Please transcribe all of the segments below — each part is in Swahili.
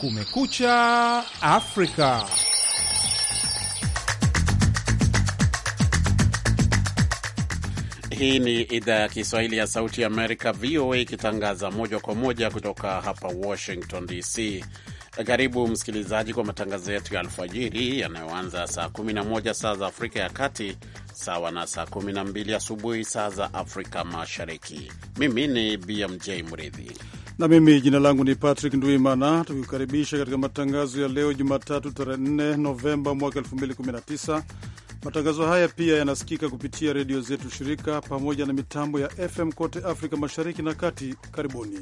Kumekucha Afrika. Hii ni idhaa ya Kiswahili ya Sauti ya Amerika, VOA, ikitangaza moja kwa moja kutoka hapa Washington DC. Karibu msikilizaji kwa matangazo yetu ya alfajiri yanayoanza saa 11 saa za Afrika ya Kati, sawa na saa 12 asubuhi saa za Afrika Mashariki. Mimi ni BMJ Mridhi na mimi jina langu ni Patrick Nduimana, tukikukaribisha katika matangazo ya leo Jumatatu, tarehe 4 Novemba mwaka 2019. Matangazo haya pia yanasikika kupitia redio zetu shirika pamoja na mitambo ya FM kote Afrika Mashariki na Kati. Karibuni.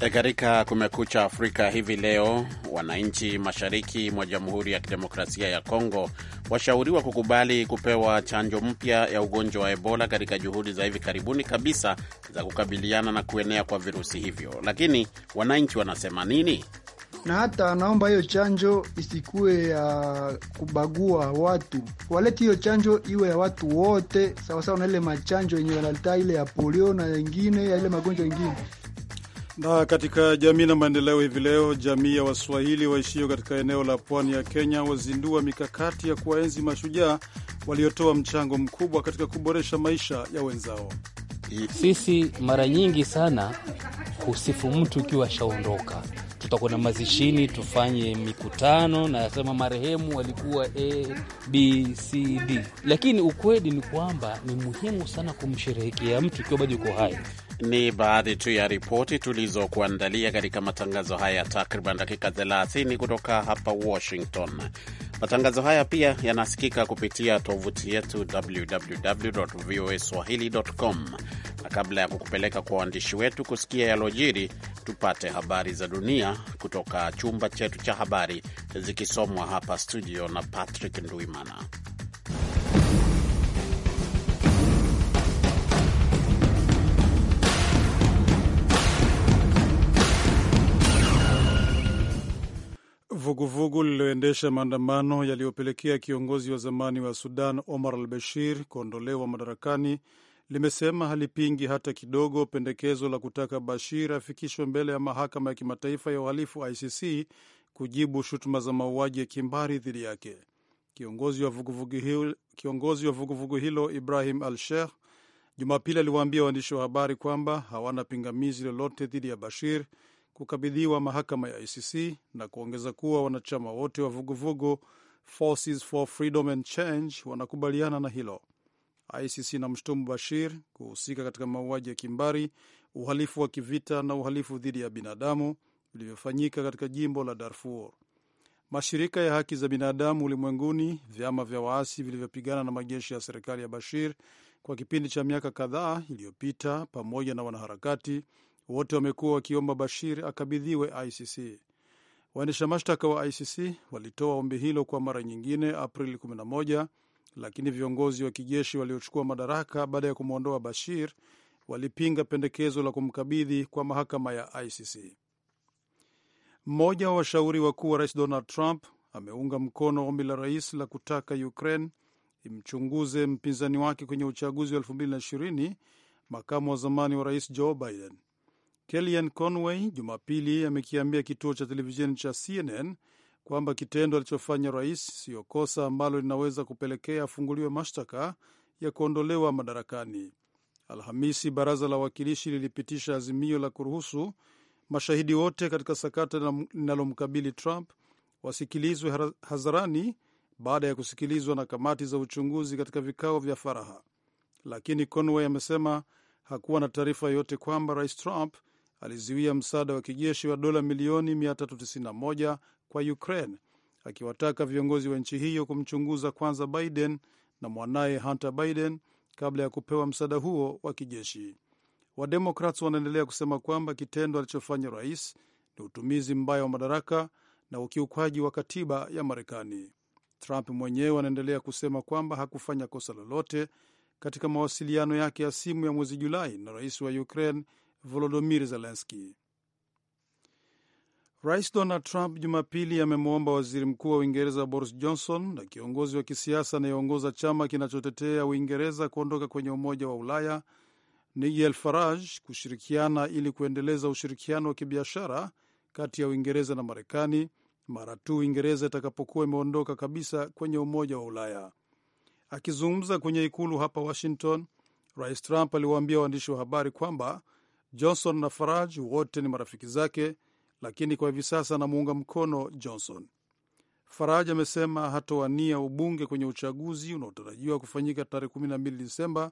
E, katika Kumekucha Afrika hivi leo, wananchi mashariki mwa Jamhuri ya Kidemokrasia ya Kongo washauriwa kukubali kupewa chanjo mpya ya ugonjwa wa Ebola katika juhudi za hivi karibuni kabisa za kukabiliana na kuenea kwa virusi hivyo. Lakini wananchi wanasema nini? na hata anaomba hiyo chanjo isikuwe ya kubagua watu, walete hiyo chanjo iwe ya watu wote sawasawa, na ile machanjo yenye wanaleta ile ya polio na ingine ya ile magonjwa ingine. Na katika jamii na maendeleo, hivi leo jamii ya Waswahili waishio katika eneo la pwani ya Kenya wazindua mikakati ya kuwaenzi mashujaa waliotoa mchango mkubwa katika kuboresha maisha ya wenzao. Sisi mara nyingi sana husifu mtu ukiwa ashaondoka. Tutakuwa na mazishini, tufanye mikutano na yasema marehemu alikuwa A, B, C, D, lakini ukweli ni kwamba ni muhimu sana kumsherehekea mtu ikiwa bado yuko hai. Ni baadhi tu ya ripoti tulizokuandalia katika matangazo haya takriban dakika 30 kutoka hapa Washington. Matangazo haya pia yanasikika kupitia tovuti yetu www voa swahili.com, na kabla ya kukupeleka kwa waandishi wetu kusikia yalojiri, tupate habari za dunia kutoka chumba chetu cha habari, zikisomwa hapa studio na Patrick Ndwimana. Vuguvugu lililoendesha maandamano yaliyopelekea kiongozi wa zamani wa Sudan Omar al Bashir kuondolewa madarakani limesema halipingi hata kidogo pendekezo la kutaka Bashir afikishwe mbele ya mahakama ya kimataifa ya uhalifu ICC kujibu shutuma za mauaji ya kimbari dhidi yake. Kiongozi wa vuguvugu hilo, kiongozi wa vuguvugu hilo Ibrahim al Sheikh Jumapili aliwaambia waandishi wa habari kwamba hawana pingamizi lolote dhidi ya Bashir kukabidhiwa mahakama ya ICC na kuongeza kuwa wanachama wote wa vuguvugu Forces for Freedom and Change wanakubaliana na hilo. ICC na mshtumu Bashir kuhusika katika mauaji ya kimbari, uhalifu wa kivita na uhalifu dhidi ya binadamu vilivyofanyika katika jimbo la Darfur. Mashirika ya haki za binadamu ulimwenguni, vyama vya waasi vilivyopigana na majeshi ya serikali ya Bashir kwa kipindi cha miaka kadhaa iliyopita, pamoja na wanaharakati wote wamekuwa wakiomba Bashir akabidhiwe ICC. Waendesha mashtaka wa ICC walitoa ombi hilo kwa mara nyingine Aprili 11 lakini viongozi wa kijeshi waliochukua madaraka baada ya kumwondoa Bashir walipinga pendekezo la kumkabidhi kwa mahakama ya ICC. Mmoja wa washauri wakuu wa rais Donald Trump ameunga mkono ombi la rais la kutaka Ukraine imchunguze mpinzani wake kwenye uchaguzi wa 2020 makamu wa zamani wa rais Joe Biden. Kellyanne Conway Jumapili amekiambia kituo cha televisheni cha CNN kwamba kitendo alichofanya rais siyo kosa ambalo linaweza kupelekea afunguliwe mashtaka ya kuondolewa madarakani. Alhamisi, baraza la wawakilishi lilipitisha azimio la kuruhusu mashahidi wote katika sakata linalomkabili Trump wasikilizwe hadharani baada ya kusikilizwa na kamati za uchunguzi katika vikao vya faraha, lakini Conway amesema hakuwa na taarifa yoyote kwamba rais Trump alizuia msaada wa kijeshi wa dola milioni 391 kwa Ukraine, akiwataka viongozi wa nchi hiyo kumchunguza kwanza Biden na mwanaye Hunter Biden kabla ya kupewa msaada huo wa kijeshi. Wademokrats wanaendelea kusema kwamba kitendo alichofanya rais ni utumizi mbaya wa madaraka na ukiukwaji wa katiba ya Marekani. Trump mwenyewe anaendelea kusema kwamba hakufanya kosa lolote katika mawasiliano yake ya simu ya mwezi Julai na rais wa Ukraine Volodymyr Zelensky. Rais Donald Trump Jumapili amemwomba waziri mkuu wa Uingereza Boris Johnson na kiongozi wa kisiasa anayeongoza chama kinachotetea Uingereza kuondoka kwenye Umoja wa Ulaya Nigel Farage kushirikiana ili kuendeleza ushirikiano wa kibiashara kati ya Uingereza na Marekani mara tu Uingereza itakapokuwa imeondoka kabisa kwenye Umoja wa Ulaya. Akizungumza kwenye ikulu hapa Washington, Rais Trump aliwaambia waandishi wa habari kwamba Johnson na Farage wote ni marafiki zake, lakini kwa hivi sasa anamuunga mkono Johnson. Farage amesema hatowania ubunge kwenye uchaguzi unaotarajiwa kufanyika tarehe mbili Disemba.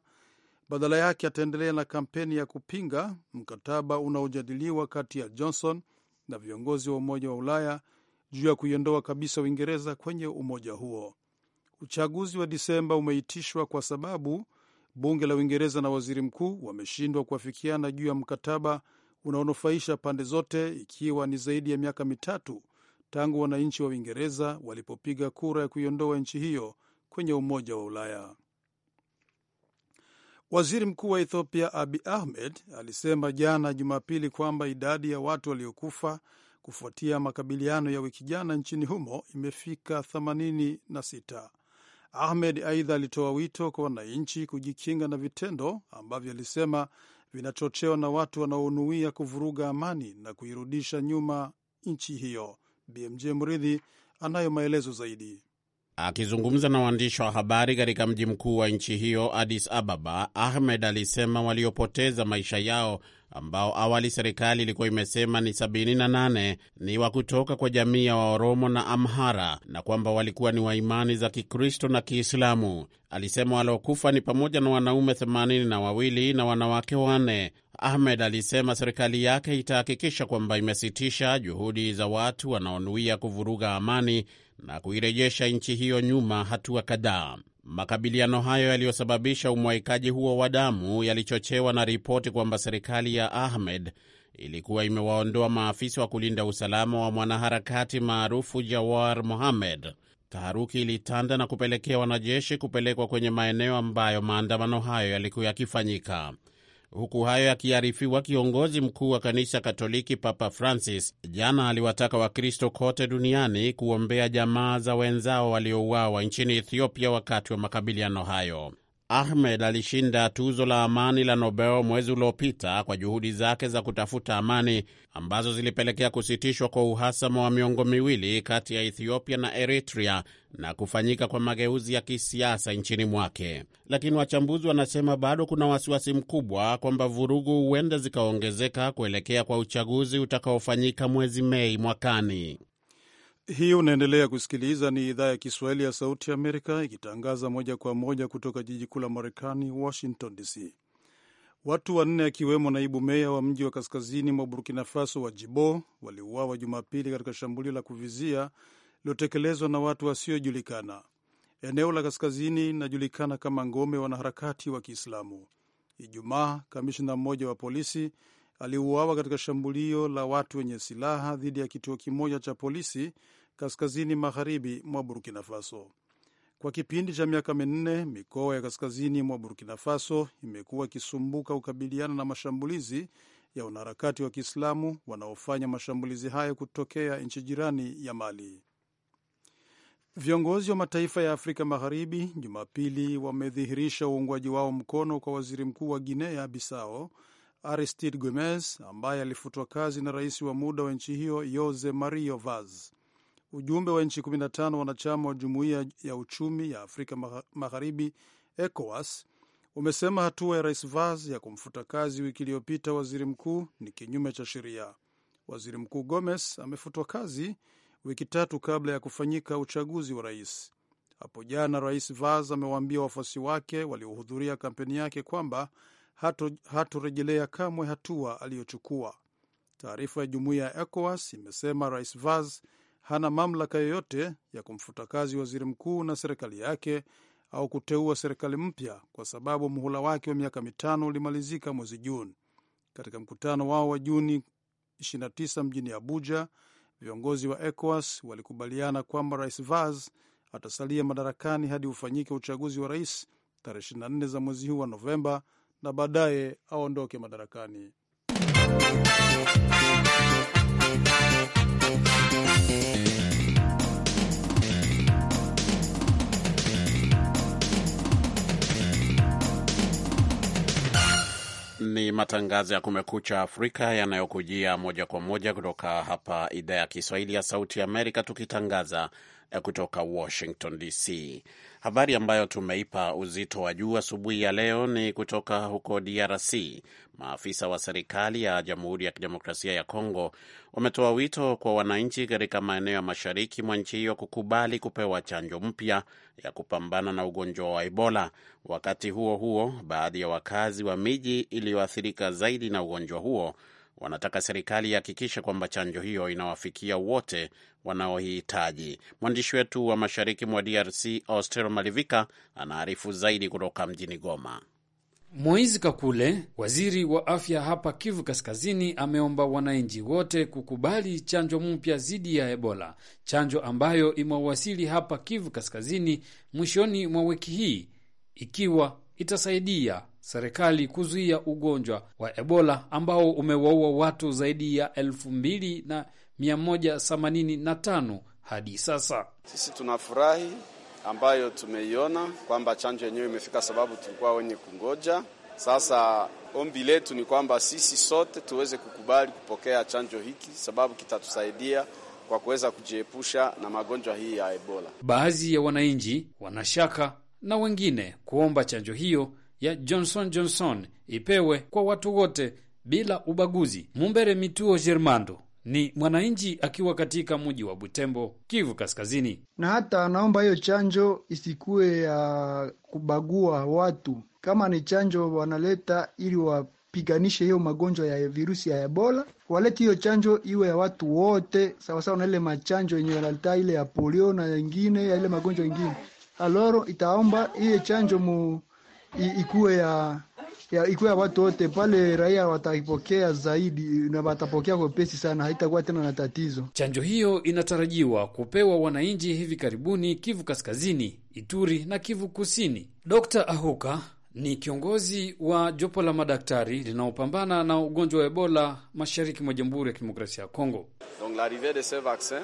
Badala yake ataendelea na kampeni ya kupinga mkataba unaojadiliwa kati ya Johnson na viongozi wa Umoja wa Ulaya juu ya kuiondoa kabisa Uingereza kwenye umoja huo. Uchaguzi wa Disemba umeitishwa kwa sababu bunge la Uingereza na waziri mkuu wameshindwa kuafikiana juu ya mkataba unaonufaisha pande zote, ikiwa ni zaidi ya miaka mitatu tangu wananchi wa Uingereza walipopiga kura ya kuiondoa nchi hiyo kwenye Umoja wa Ulaya. Waziri mkuu wa Ethiopia Abi Ahmed alisema jana Jumapili kwamba idadi ya watu waliokufa kufuatia makabiliano ya wiki jana nchini humo imefika 86. Ahmed aidha alitoa wito kwa wananchi kujikinga na vitendo ambavyo alisema vinachochewa na watu wanaonuia kuvuruga amani na kuirudisha nyuma nchi hiyo. BMJ Mridhi anayo maelezo zaidi. Akizungumza na waandishi wa habari katika mji mkuu wa nchi hiyo Addis Ababa, Ahmed alisema waliopoteza maisha yao ambao awali serikali ilikuwa imesema ni 78 ni wa kutoka kwa jamii ya Waoromo na Amhara na kwamba walikuwa ni waimani za Kikristo na Kiislamu. Alisema waliokufa ni pamoja na wanaume 82 na wawili na wanawake wanne. Ahmed alisema serikali yake itahakikisha kwamba imesitisha juhudi za watu wanaonuia kuvuruga amani na kuirejesha nchi hiyo nyuma hatua kadhaa. Makabiliano hayo yaliyosababisha umwaikaji huo wa damu yalichochewa na ripoti kwamba serikali ya Ahmed ilikuwa imewaondoa maafisa wa kulinda usalama wa mwanaharakati maarufu Jawar Mohammed. Taharuki ilitanda na kupelekea wanajeshi kupelekwa kwenye maeneo ambayo maandamano hayo yalikuwa yakifanyika. Huku hayo yakiarifiwa, kiongozi mkuu wa kanisa Katoliki Papa Francis jana aliwataka Wakristo kote duniani kuombea jamaa za wenzao waliouawa nchini Ethiopia wakati wa makabiliano hayo. Ahmed alishinda tuzo la amani la Nobel mwezi uliopita kwa juhudi zake za kutafuta amani ambazo zilipelekea kusitishwa kwa uhasama wa miongo miwili kati ya Ethiopia na Eritrea na kufanyika kwa mageuzi ya kisiasa nchini mwake. Lakini wachambuzi wanasema bado kuna wasiwasi mkubwa kwamba vurugu huenda zikaongezeka kuelekea kwa uchaguzi utakaofanyika mwezi Mei mwakani. Hii unaendelea kusikiliza ni idhaa ya Kiswahili ya Sauti ya Amerika ikitangaza moja kwa moja kutoka jiji kuu la Marekani, Washington DC. Watu wanne akiwemo naibu meya wa mji wa kaskazini mwa Burkina Faso wa Jibo waliuawa Jumapili katika shambulio la kuvizia lililotekelezwa na watu wasiojulikana. Eneo la kaskazini linajulikana kama ngome wanaharakati wa Kiislamu. Ijumaa, kamishina mmoja wa polisi aliuawa katika shambulio la watu wenye silaha dhidi ya kituo kimoja cha polisi kaskazini magharibi mwa Burkina Faso. Kwa kipindi cha miaka minne, mikoa ya kaskazini mwa Burkina Faso imekuwa ikisumbuka kukabiliana na mashambulizi ya wanaharakati wa Kiislamu wanaofanya mashambulizi hayo kutokea nchi jirani ya Mali. Viongozi wa mataifa ya Afrika Magharibi Jumapili wamedhihirisha uungwaji wao mkono kwa waziri mkuu wa Guinea Bissau Aristide Gomes ambaye alifutwa kazi na rais wa muda wa nchi hiyo Jose Mario Vaz. Ujumbe wa nchi 15 wanachama wa jumuiya ya uchumi ya Afrika Magharibi, ECOWAS, umesema hatua ya rais Vaz ya kumfuta kazi wiki iliyopita waziri mkuu ni kinyume cha sheria. Waziri Mkuu Gomes amefutwa kazi wiki tatu kabla ya kufanyika uchaguzi wa rais. Hapo jana, rais Vaz amewaambia wafuasi wake waliohudhuria kampeni yake kwamba hatorejelea kamwe hatua aliyochukua. Taarifa ya jumuiya ya ECOWAS imesema Rais Vaz hana mamlaka yoyote ya kumfuta kazi waziri mkuu na serikali yake au kuteua serikali mpya kwa sababu muhula wake wa miaka mitano ulimalizika mwezi Juni. Katika mkutano wao wa Juni 29 mjini Abuja, viongozi wa ECOWAS walikubaliana kwamba Rais Vaz atasalia madarakani hadi ufanyike uchaguzi wa rais tarehe 24 za mwezi huu wa Novemba, na baadaye aondoke madarakani. Ni matangazo ya Kumekucha Afrika yanayokujia moja kwa moja kutoka hapa idhaa ya Kiswahili ya Sauti ya Amerika, tukitangaza kutoka Washington DC. Habari ambayo tumeipa uzito wa juu asubuhi ya leo ni kutoka huko DRC. Maafisa wa serikali ya Jamhuri ya Kidemokrasia ya Kongo wametoa wito kwa wananchi katika maeneo ya mashariki mwa nchi hiyo kukubali kupewa chanjo mpya ya kupambana na ugonjwa wa Ebola. Wakati huo huo, baadhi ya wakazi wa miji iliyoathirika zaidi na ugonjwa huo wanataka serikali ihakikishe kwamba chanjo hiyo inawafikia wote wanaohitaji. Mwandishi wetu wa mashariki mwa DRC Austero Malivika anaarifu zaidi kutoka mjini Goma. Moizi Kakule, waziri wa afya hapa Kivu Kaskazini, ameomba wananchi wote kukubali chanjo mpya dhidi ya Ebola, chanjo ambayo imewasili hapa Kivu Kaskazini mwishoni mwa wiki hii, ikiwa itasaidia serikali kuzuia ugonjwa wa Ebola ambao umewaua watu zaidi ya elfu mbili na mia moja themanini na tano hadi sasa. Sisi tunafurahi ambayo tumeiona kwamba chanjo yenyewe imefika, sababu tulikuwa wenye kungoja. Sasa ombi letu ni kwamba sisi sote tuweze kukubali kupokea chanjo hiki, sababu kitatusaidia kwa kuweza kujiepusha na magonjwa hii ya Ebola. Baadhi ya wananchi wanashaka na wengine kuomba chanjo hiyo ya Johnson Johnson ipewe kwa watu wote bila ubaguzi. Mumbere Mituo Germando ni mwananchi akiwa katika mji wa Butembo, Kivu Kaskazini. Na hata anaomba hiyo chanjo isikuwe ya kubagua watu, kama ni chanjo wanaleta ili wapiganishe hiyo magonjwa ya virusi ya Ebola, walete hiyo chanjo iwe ya watu wote sawasawa, na ile machanjo yenye wanaleta ile ya polio na ingine ya ile magonjwa ingine. Aloro itaomba hiyo chanjo mu ikuwe ya, ya ikuwe ya watu wote pale, raia wataipokea zaidi na watapokea kwa pesi sana, haitakuwa tena na tatizo. Chanjo hiyo inatarajiwa kupewa wananchi hivi karibuni Kivu Kaskazini, Ituri na Kivu Kusini. Dr. Ahuka ni kiongozi wa jopo la madaktari linaopambana na ugonjwa wa Ebola mashariki mwa Jamhuri ya Kidemokrasia ya Kongo. Donc l'arrivée de ce vaccin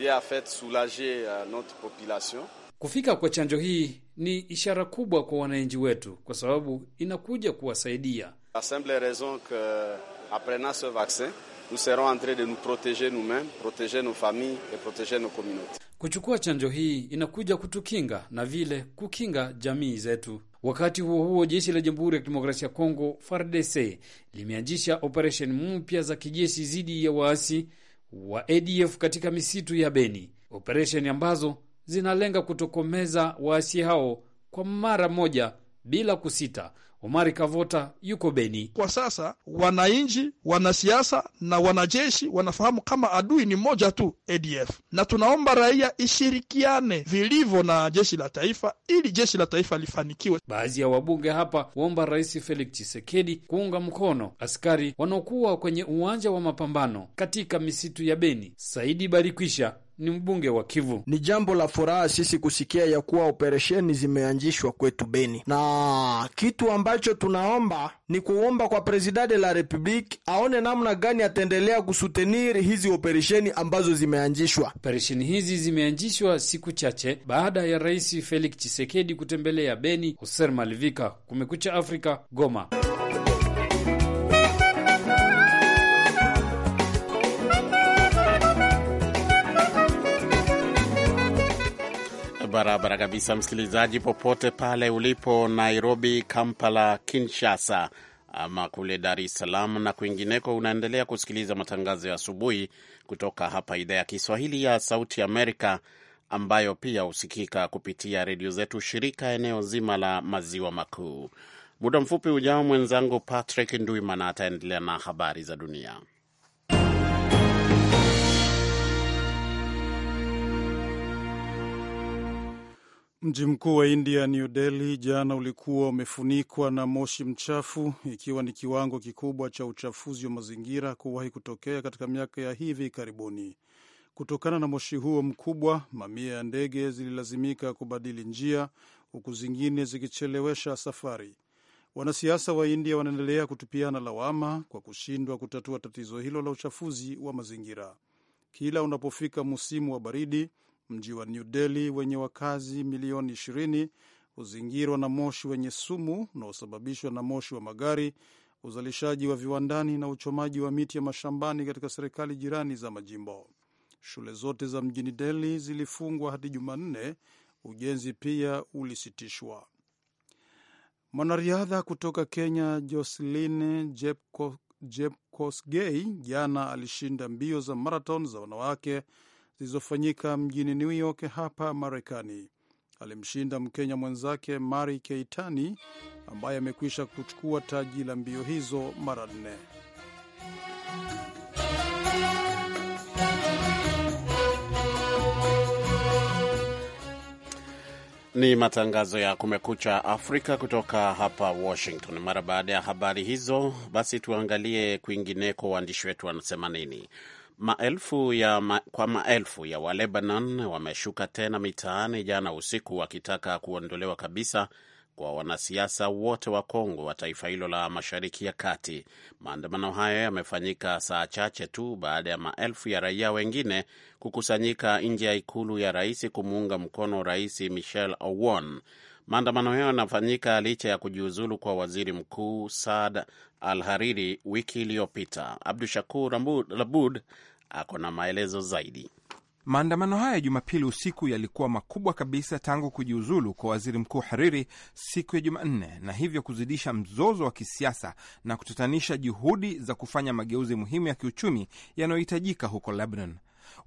vient en fait soulager euh, notre population. Kufika kwa chanjo hii ni ishara kubwa kwa wananchi wetu, kwa sababu inakuja kuwasaidia. ce nous serons de nos familles Kuchukua chanjo hii inakuja kutukinga na vile kukinga jamii zetu. Wakati huo huo, jeshi la Jamhuri ya Kidemokrasia ya Kongo FARDC limeanzisha operesheni mpya za kijeshi dhidi ya waasi wa ADF katika misitu ya Beni, operesheni ambazo zinalenga kutokomeza waasi hao kwa mara moja bila kusita. Omari Kavota yuko Beni. Kwa sasa wananchi, wanasiasa na wanajeshi wanafahamu kama adui ni moja tu, ADF, na tunaomba raia ishirikiane vilivyo na jeshi la taifa ili jeshi la taifa lifanikiwe. Baadhi ya wabunge hapa waomba Rais Felix Tshisekedi kuunga mkono askari wanaokuwa kwenye uwanja wa mapambano katika misitu ya Beni. Saidi Barikwisha, ni mbunge wa Kivu. Ni jambo la furaha sisi kusikia ya kuwa operesheni zimeanzishwa kwetu Beni, na kitu ambacho tunaomba ni kuomba kwa presidente la republiki aone namna gani ataendelea kusuteniri hizi operesheni ambazo zimeanzishwa. Operesheni hizi zimeanzishwa siku chache baada ya Rais Felix Tshisekedi kutembelea Beni. Hoser Malivika, Kumekucha Afrika, Goma. Barabara kabisa, msikilizaji, popote pale ulipo, Nairobi, Kampala, Kinshasa ama kule Dar es Salaam na kwingineko, unaendelea kusikiliza matangazo ya asubuhi kutoka hapa idhaa ya Kiswahili ya Sauti Amerika, ambayo pia husikika kupitia redio zetu shirika eneo zima la maziwa makuu. Muda mfupi ujao, mwenzangu Patrick Nduimana ataendelea na habari za dunia. Mji mkuu wa India, New Delhi, jana ulikuwa umefunikwa na moshi mchafu, ikiwa ni kiwango kikubwa cha uchafuzi wa mazingira kuwahi kutokea katika miaka ya hivi karibuni. Kutokana na moshi huo mkubwa, mamia ya ndege zililazimika kubadili njia, huku zingine zikichelewesha safari. Wanasiasa wa India wanaendelea kutupiana lawama kwa kushindwa kutatua tatizo hilo la uchafuzi wa mazingira. Kila unapofika msimu wa baridi mji wa New Delhi wenye wakazi milioni 20 huzingirwa na moshi wenye sumu unaosababishwa na moshi wa magari, uzalishaji wa viwandani na uchomaji wa miti ya mashambani katika serikali jirani za majimbo. Shule zote za mjini Delhi zilifungwa hadi Jumanne. Ujenzi pia ulisitishwa. Mwanariadha kutoka Kenya Jocelyn Jepkosgei jana alishinda mbio za marathon za wanawake zilizofanyika mjini New York hapa Marekani. Alimshinda Mkenya mwenzake mari Keitani ambaye amekwisha kuchukua taji la mbio hizo mara nne. Ni matangazo ya Kumekucha Afrika kutoka hapa Washington. Mara baada ya habari hizo, basi tuangalie kwingineko, waandishi wetu wanasema nini. Maelfu ya ma, kwa maelfu ya Walebanon wameshuka tena mitaani jana usiku wakitaka kuondolewa kabisa kwa wanasiasa wote wa Kongo wa taifa hilo la Mashariki ya Kati. Maandamano hayo yamefanyika saa chache tu baada ya maelfu ya raia wengine kukusanyika nje ya ikulu ya rais kumuunga mkono Rais Michel Aoun Maandamano hayo yanafanyika licha ya kujiuzulu kwa waziri mkuu Saad Al Hariri wiki iliyopita. Abdu Shakur Abud ako na maelezo zaidi. Maandamano hayo ya Jumapili usiku yalikuwa makubwa kabisa tangu kujiuzulu kwa waziri mkuu Hariri siku ya Jumanne, na hivyo kuzidisha mzozo wa kisiasa na kutatanisha juhudi za kufanya mageuzi muhimu ya kiuchumi yanayohitajika huko Lebanon.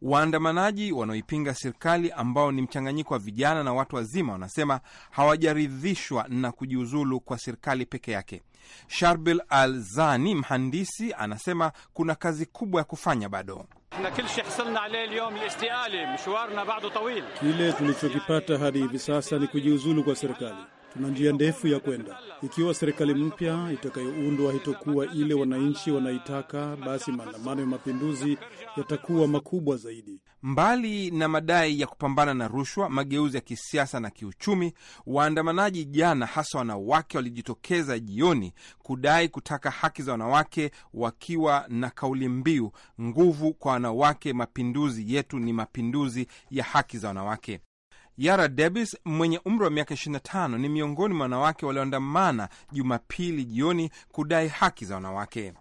Waandamanaji wanaoipinga serikali ambao ni mchanganyiko wa vijana na watu wazima wanasema hawajaridhishwa na kujiuzulu kwa serikali peke yake. Sharbil zani mhandisi, anasema kuna kazi kubwa ya kufanya bado. Kile tulichokipata hadi hivi sasa ni kujiuzulu kwa serikali. Tuna njia ndefu ya kwenda. Ikiwa serikali mpya itakayoundwa haitokuwa ile wananchi wanaitaka, basi maandamano ya mapinduzi yatakuwa makubwa zaidi. Mbali na madai ya kupambana na rushwa, mageuzi ya kisiasa na kiuchumi, waandamanaji jana, hasa wanawake, walijitokeza jioni kudai kutaka haki za wanawake, wakiwa na kauli mbiu nguvu kwa wanawake, mapinduzi yetu ni mapinduzi ya haki za wanawake. Yara Debis mwenye umri wa miaka 25 ni miongoni mwa wanawake walioandamana Jumapili jioni kudai haki za wanawake.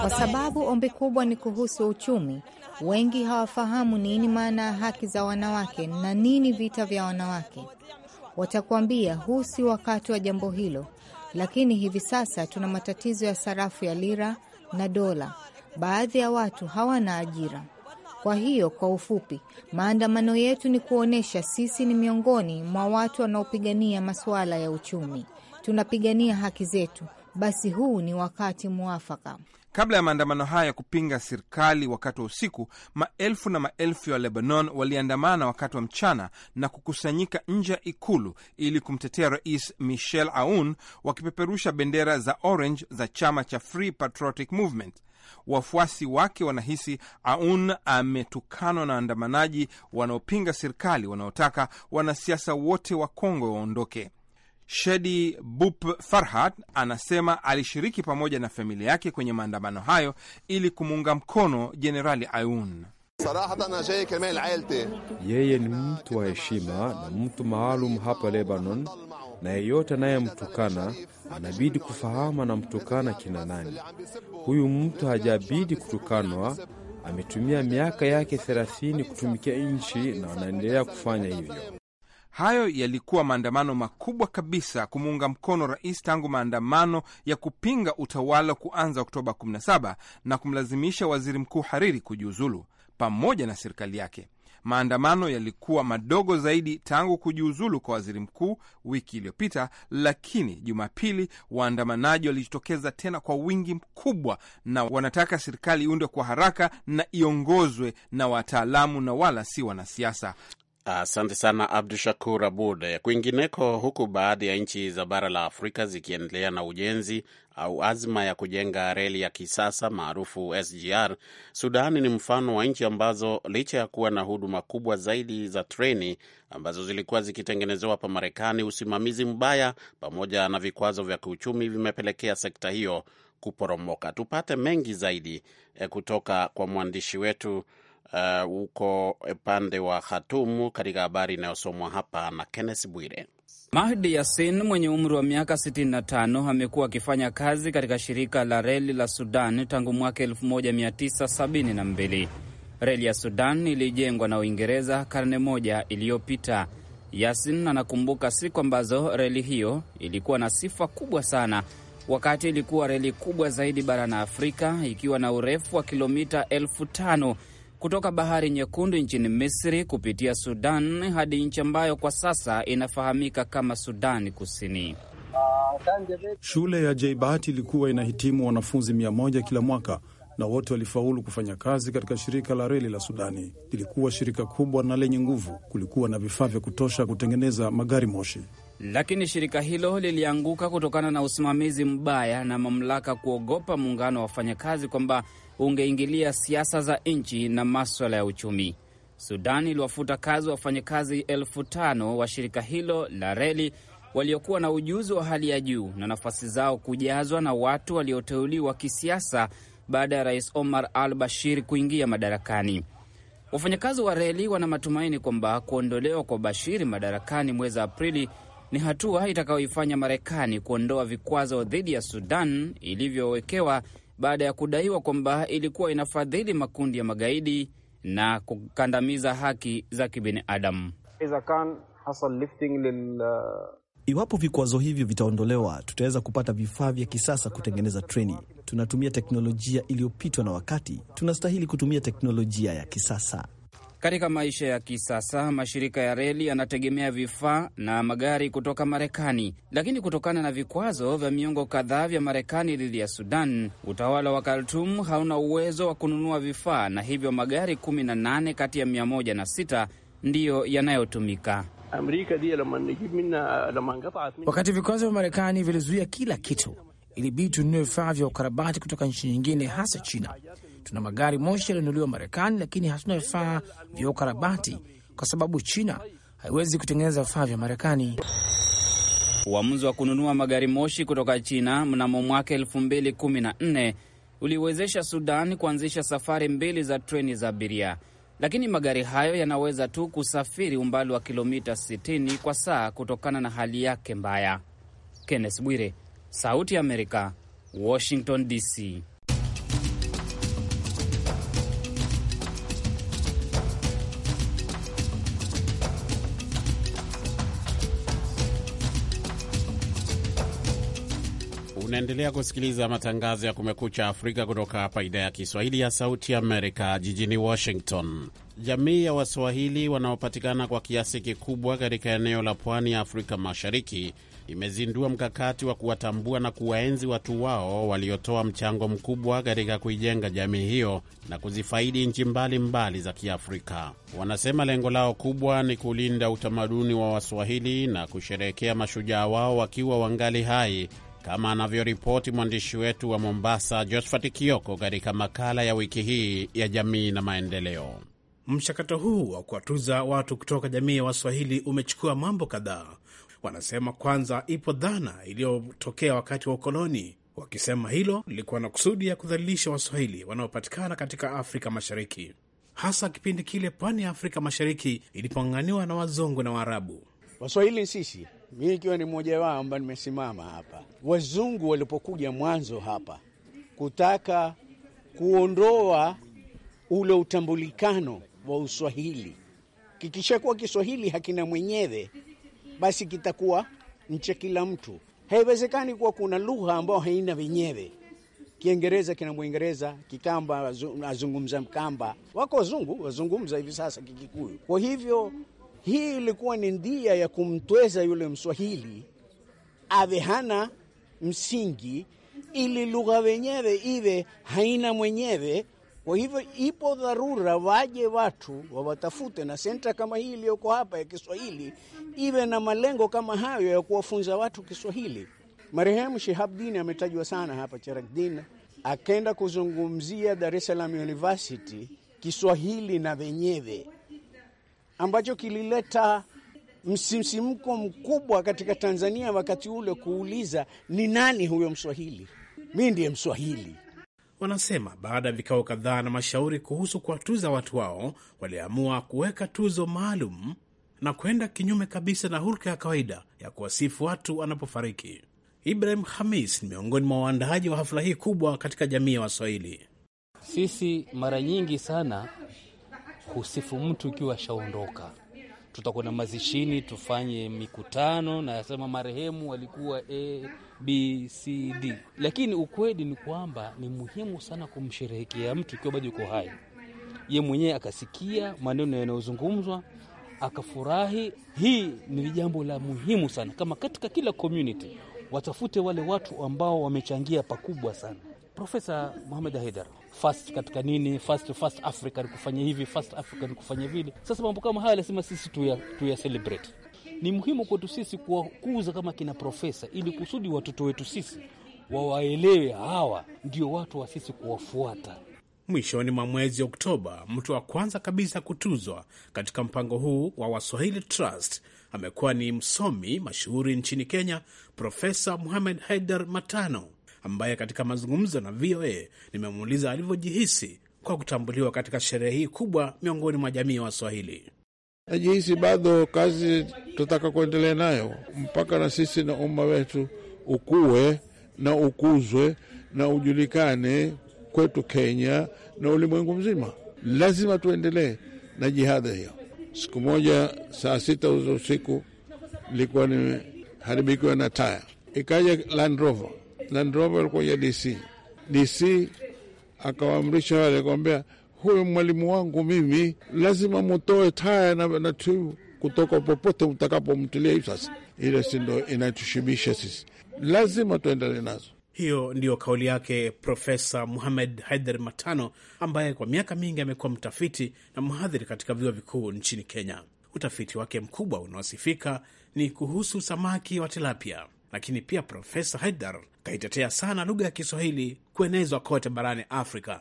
Kwa sababu ombi kubwa ni kuhusu uchumi. Wengi hawafahamu nini maana ya haki za wanawake na nini vita vya wanawake. Watakuambia huu si wakati wa jambo hilo, lakini hivi sasa tuna matatizo ya sarafu ya lira na dola baadhi ya watu hawana ajira. Kwa hiyo kwa ufupi, maandamano yetu ni kuonyesha sisi ni miongoni mwa watu wanaopigania masuala ya uchumi, tunapigania haki zetu. Basi huu ni wakati mwafaka. Kabla ya maandamano haya ya kupinga serikali wakati wa usiku, maelfu na maelfu ya wa Lebanon waliandamana wakati wa mchana na kukusanyika nje ya ikulu ili kumtetea Rais Michel Aoun, wakipeperusha bendera za orange za chama cha Free Patriotic Movement. Wafuasi wake wanahisi Aoun ametukanwa na waandamanaji wanaopinga serikali wanaotaka wanasiasa wote wa Kongo waondoke. Shedi Bup Farhat anasema alishiriki pamoja na familia yake kwenye maandamano hayo ili kumuunga mkono Jenerali Aoun. Yeye ni mtu wa heshima na mtu maalum hapa Lebanon, na yeyote anayemtukana anabidi kufahamu anamtukana kina nani. Huyu mtu hajabidi kutukanwa, ametumia miaka yake 30 kutumikia nchi na anaendelea kufanya hivyo. Hayo yalikuwa maandamano makubwa kabisa kumuunga mkono rais tangu maandamano ya kupinga utawala kuanza Oktoba 17 na kumlazimisha waziri mkuu Hariri kujiuzulu pamoja na serikali yake. Maandamano yalikuwa madogo zaidi tangu kujiuzulu kwa waziri mkuu wiki iliyopita, lakini Jumapili waandamanaji walijitokeza tena kwa wingi mkubwa, na wanataka serikali iundwe kwa haraka na iongozwe na wataalamu na wala si wanasiasa. Asante sana Abdu Shakur Abud. Kwingineko, huku baadhi ya nchi za bara la Afrika zikiendelea na ujenzi au azma ya kujenga reli ya kisasa maarufu SGR, Sudani ni mfano wa nchi ambazo licha ya kuwa na huduma kubwa zaidi za treni ambazo zilikuwa zikitengenezewa hapa Marekani, usimamizi mbaya pamoja na vikwazo vya kiuchumi vimepelekea sekta hiyo kuporomoka. Tupate mengi zaidi eh, kutoka kwa mwandishi wetu eh, huko uh, upande wa Khartoum katika habari inayosomwa hapa na Kenneth Bwire. Mahdi yasin mwenye umri wa miaka 65 amekuwa akifanya kazi katika shirika la reli la Sudan tangu mwaka 1972. Reli ya Sudan ilijengwa na Uingereza karne moja iliyopita. Yasin anakumbuka siku ambazo reli hiyo ilikuwa na sifa kubwa sana, wakati ilikuwa reli kubwa zaidi barani Afrika, ikiwa na urefu wa kilomita elfu tano kutoka Bahari Nyekundu nchini Misri kupitia Sudan hadi nchi ambayo kwa sasa inafahamika kama Sudani Kusini. Shule ya Jeibat ilikuwa inahitimu wanafunzi mia moja kila mwaka na wote walifaulu kufanya kazi katika shirika la reli la Sudani. Lilikuwa shirika kubwa na lenye nguvu, kulikuwa na vifaa vya kutosha kutengeneza magari moshi, lakini shirika hilo lilianguka kutokana na usimamizi mbaya na mamlaka kuogopa muungano wa wafanyakazi kwamba ungeingilia siasa za nchi na maswala ya uchumi. Sudan iliwafuta kazi wafanyakazi elfu tano wa shirika hilo la reli waliokuwa na ujuzi wa hali ya juu na nafasi zao kujazwa na watu walioteuliwa kisiasa baada ya rais Omar al Bashir kuingia madarakani. Wafanyakazi wa reli wana matumaini kwamba kuondolewa kwa Bashir madarakani mwezi Aprili ni hatua itakayoifanya Marekani kuondoa vikwazo dhidi ya Sudan ilivyowekewa baada ya kudaiwa kwamba ilikuwa inafadhili makundi ya magaidi na kukandamiza haki za kibinadamu. Iwapo vikwazo hivyo vitaondolewa, tutaweza kupata vifaa vya kisasa kutengeneza treni. Tunatumia teknolojia iliyopitwa na wakati, tunastahili kutumia teknolojia ya kisasa. Katika maisha ya kisasa mashirika ya reli yanategemea vifaa na magari kutoka Marekani, lakini kutokana na vikwazo vya miongo kadhaa vya Marekani dhidi ya Sudan, utawala wa Khartum hauna uwezo wa kununua vifaa, na hivyo magari 18 kati ya 106 ndiyo yanayotumika. Wakati vikwazo vya Marekani vilizuia kila kitu, ilibidi tununue vifaa vya ukarabati kutoka nchi nyingine, hasa China tuna magari moshi yaliyonunuliwa Marekani, lakini hatuna vifaa vya ukarabati kwa sababu China haiwezi kutengeneza vifaa vya Marekani. Uamuzi wa kununua magari moshi kutoka China mnamo mwaka 2014 uliwezesha Sudan kuanzisha safari mbili za treni za abiria, lakini magari hayo yanaweza tu kusafiri umbali wa kilomita 60 kwa saa kutokana na hali yake mbaya. Kenneth Bwire, Sauti ya Amerika, Washington DC. Unaendelea kusikiliza matangazo ya Kumekucha Afrika kutoka hapa idhaa ya Kiswahili ya Sauti Amerika jijini Washington. Jamii ya Waswahili wanaopatikana kwa kiasi kikubwa katika eneo la pwani ya Afrika Mashariki imezindua mkakati wa kuwatambua na kuwaenzi watu wao waliotoa mchango mkubwa katika kuijenga jamii hiyo na kuzifaidi nchi mbalimbali za Kiafrika. Wanasema lengo lao kubwa ni kulinda utamaduni wa Waswahili na kusherehekea mashujaa wao wakiwa wangali hai kama anavyoripoti mwandishi wetu wa Mombasa, Josphat Kioko, katika makala ya wiki hii ya jamii na maendeleo. Mchakato huu wa kuwatuza watu kutoka jamii ya Waswahili umechukua mambo kadhaa. Wanasema kwanza, ipo dhana iliyotokea wakati wa ukoloni, wakisema hilo lilikuwa na kusudi ya kudhalilisha Waswahili wanaopatikana katika Afrika Mashariki, hasa kipindi kile pwani ya Afrika Mashariki ilipong'aniwa na wazungu na Waarabu. Waswahili sisi mimi ikiwa ni mmoja wao ambaye nimesimama hapa. Wazungu walipokuja mwanzo hapa kutaka kuondoa ule utambulikano wa Uswahili, kikishakuwa Kiswahili hakina mwenyewe, basi kitakuwa ncha kila mtu. Haiwezekani kuwa kuna lugha ambayo haina wenyewe. Kiingereza kina Mwingereza, Kikamba azungumza Mkamba, wako wazungu wazungumza hivi sasa Kikikuyu. Kwa hivyo hii ilikuwa ni ndia ya kumtweza yule Mswahili ave hana msingi, ili lugha wenyewe iwe haina mwenyewe. Kwa hivyo ipo dharura waje watu wawatafute, na senta kama hii iliyoko hapa ya Kiswahili iwe na malengo kama hayo ya kuwafunza watu Kiswahili. Marehemu Shihabdini ametajwa sana hapa, charakdin akenda kuzungumzia Dar es Salaam University Kiswahili na wenyewe ambacho kilileta msimsimko mkubwa katika Tanzania wakati ule, kuuliza ni nani huyo Mswahili. Mi ndiye Mswahili, wanasema. Baada ya vikao kadhaa na mashauri kuhusu kuwatuza watu wao, waliamua kuweka tuzo maalum na kwenda kinyume kabisa na hulka ya kawaida ya kuwasifu watu wanapofariki. Ibrahim Hamis ni miongoni mwa waandaaji wa hafla hii kubwa katika jamii ya Waswahili. Sisi mara nyingi sana kusifu mtu ukiwa ashaondoka Tutakwenda mazishini, tufanye mikutano na yasema marehemu walikuwa A, B, C, D, lakini ukweli ni kwamba ni muhimu sana kumsherehekea mtu ukiwa bado uko hai, ye mwenyewe akasikia maneno yanayozungumzwa akafurahi. Hii ni jambo la muhimu sana, kama katika kila community watafute wale watu ambao wamechangia pakubwa sana. Profesa muhamed Haidar fast katika nini, fast fast Africa ni kufanya hivi, fast Africa ni kufanya vile. Sasa mambo kama haya lazima sisi tuya, tuya celebrate. Ni muhimu kwetu sisi kuwakuza kama kina profesa, ili kusudi watoto wetu sisi wawaelewe, hawa ndio watu wa sisi kuwafuata. Mwishoni mwa mwezi Oktoba, mtu wa kwanza kabisa kutuzwa katika mpango huu wa Waswahili Trust amekuwa ni msomi mashuhuri nchini Kenya, Profesa Muhamed Haidar Matano ambaye katika mazungumzo na VOA nimemuuliza alivyojihisi kwa kutambuliwa katika sherehe hii kubwa miongoni mwa jamii ya Waswahili. Najihisi bado kazi tutaka kuendelea nayo mpaka na sisi na umma wetu ukuwe na ukuzwe na ujulikane kwetu Kenya na ulimwengu mzima. Lazima tuendelee na jihada hiyo. Siku moja saa sita za usiku ilikuwa nimeharibikiwa na taya, ikaja Land Rover Land Rover alikuja DC. DC akawaamrisha wale, akamwambia huyo mwalimu wangu mimi, lazima mutoe taya na, na tube kutoka popote mtakapomtilia hivi sasa. Ile si ndo inatushibisha sisi, lazima tuendelee nazo. Hiyo ndiyo kauli yake Profesa Muhamed Haider Matano, ambaye kwa miaka mingi amekuwa mtafiti na mhadhiri katika vyuo vikuu nchini Kenya. Utafiti wake mkubwa unaosifika ni kuhusu samaki wa tilapia lakini pia Profesa Haidar kaitetea sana lugha ya Kiswahili kuenezwa kote barani Afrika.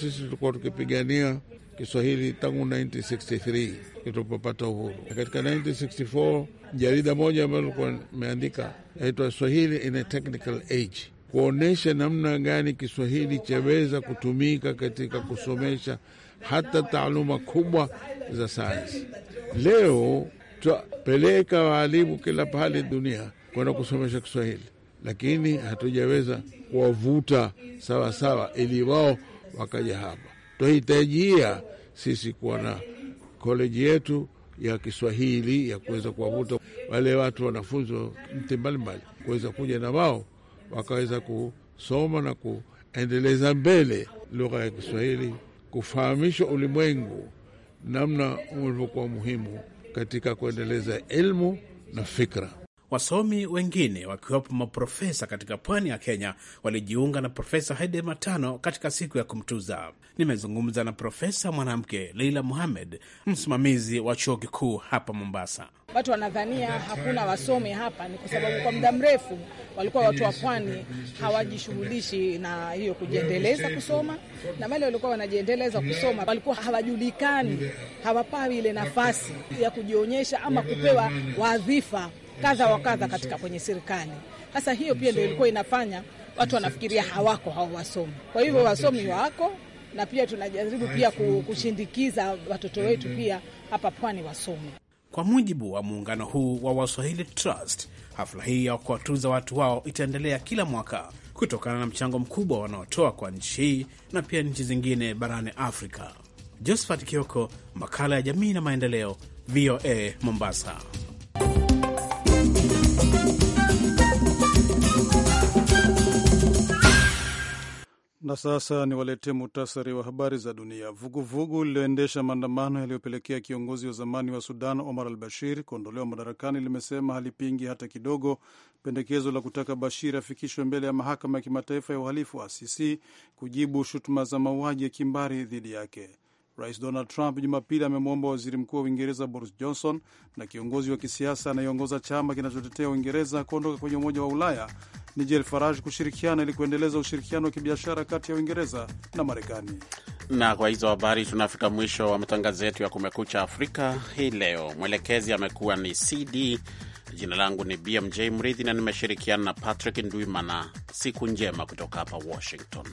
Sisi tulikuwa tukipigania Kiswahili tangu 1963 tulipopata uhuru. Katika 1964 jarida moja ambayo likuwa imeandika naitwa Swahili in a Technical Age, kuonyesha namna gani Kiswahili chaweza kutumika katika kusomesha hata taaluma kubwa za sayansi. Leo twapeleka waalimu kila pahali dunia kwenda kusomesha Kiswahili, lakini hatujaweza kuwavuta sawa sawa ili wao wakaja hapa. Tunahitajia sisi kuwa na koleji yetu ya Kiswahili ya kuweza kuwavuta wale watu wanafunzi wa mti mbalimbali kuweza kuja na wao wakaweza kusoma na kuendeleza mbele lugha ya Kiswahili, kufahamisha ulimwengu namna ulivyokuwa muhimu katika kuendeleza elimu na fikra. Wasomi wengine wakiwapo maprofesa katika pwani ya Kenya walijiunga na Profesa Hede Matano katika siku ya kumtuza. Nimezungumza na profesa mwanamke Leila Muhamed, msimamizi wa chuo kikuu hapa Mombasa. Watu wanadhania hakuna wasomi hapa, ni kwa sababu kwa muda mrefu walikuwa watu wa pwani hawajishughulishi na hiyo kujiendeleza kusoma, na wale walikuwa wanajiendeleza kusoma walikuwa hawajulikani, hawapawi ile nafasi ya kujionyesha ama kupewa wadhifa kadha wa kadha katika kwenye serikali. Sasa hiyo pia ndio ilikuwa inafanya watu wanafikiria hawako hao wasomi. Kwa hivyo wasomi wako na pia tunajaribu pia kushindikiza watoto wetu pia hapa pwani wasomi Kwa mujibu wa muungano huu wa Waswahili Trust, hafla hii ya kuwatuza watu wao itaendelea kila mwaka kutokana na mchango mkubwa wanaotoa kwa nchi hii na pia nchi zingine barani Afrika. Josephat Kioko, makala ya jamii na maendeleo, VOA Mombasa. Na sasa niwaletee muhtasari wa habari za dunia. Vuguvugu lililoendesha maandamano yaliyopelekea kiongozi wa zamani wa Sudan Omar al Bashir kuondolewa madarakani limesema halipingi hata kidogo pendekezo la kutaka Bashir afikishwe mbele ya mahakama ya kimataifa ya uhalifu wa ICC kujibu shutuma za mauaji ya kimbari dhidi yake. Rais Donald Trump Jumapili amemwomba waziri mkuu wa Uingereza Boris Johnson na kiongozi wa kisiasa anayeongoza chama kinachotetea Uingereza kuondoka kwenye Umoja wa Ulaya Nigel Farage kushirikiana ili kuendeleza ushirikiano wa kibiashara kati ya Uingereza na Marekani. Na kwa hizo habari tunafika mwisho wa matangazo yetu ya Kumekucha Afrika hii leo. Mwelekezi amekuwa ni CD. Jina langu ni BMJ Mridhi na nimeshirikiana na Patrick Ndwimana. Siku njema kutoka hapa Washington.